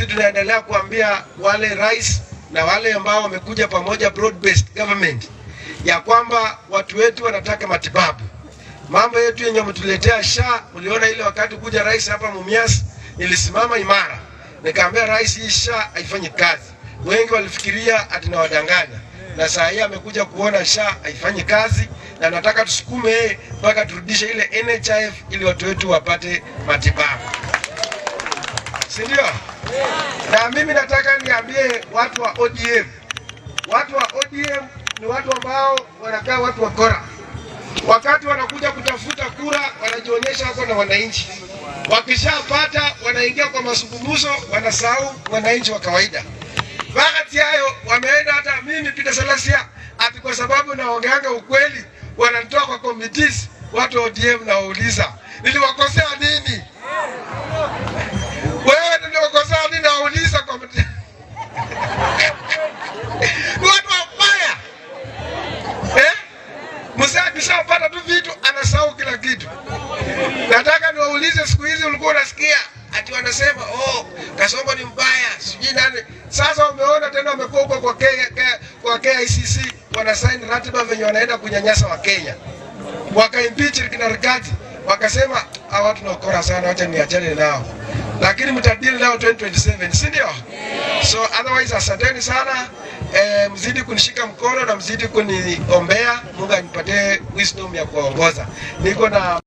sisi tunaendelea kuambia wale rais na wale ambao wamekuja pamoja broad based government ya kwamba watu wetu wanataka matibabu. Mambo yetu yenye mtuletea sha, uliona ile wakati kuja rais hapa Mumias, nilisimama imara nikaambia rais, hii sha haifanyi kazi. Wengi walifikiria atinawadanganya, na saa hii amekuja kuona sha haifanyi kazi, na nataka tusukume yeye mpaka turudishe ile NHIF ili watu wetu wapate matibabu, si ndio? Na mimi nataka niambie watu wa ODM, watu wa ODM ni watu ambao wanakaa watu wakora. Wakati wanakuja kutafuta kura, wanajionyesha hapo na wananchi, wakishapata wanaingia kwa mazungumzo, wanasahau wananchi wa kawaida. Wakati hayo wameenda, hata mimi Peter Salasia, ati kwa sababu naongeanga ukweli wanatoa kwa committees. Watu wa ODM nawauliza, niliwakosea nini? anaopata tu vitu anasahau kila kitu. Nataka niwaulize, siku hizi ulikuwa unasikia ati wanasema oh, Kasongo ni mbaya, sijui nani. Sasa umeona tena wamekuwa huko kwa Kenya, kwa KICC wanasaini ratiba venye wanaenda kunyanyasa wa Wakenya, wakaimpeach Rigathi wakasema hawa ah, tunakora sana, acha niachane nao, lakini mtadili nao 2027 si ndio? So otherwise asanteni sana e, mzidi kunishika mkono na mzidi kuniombea Mungu anipatie wisdom ya kuongoza. Niko na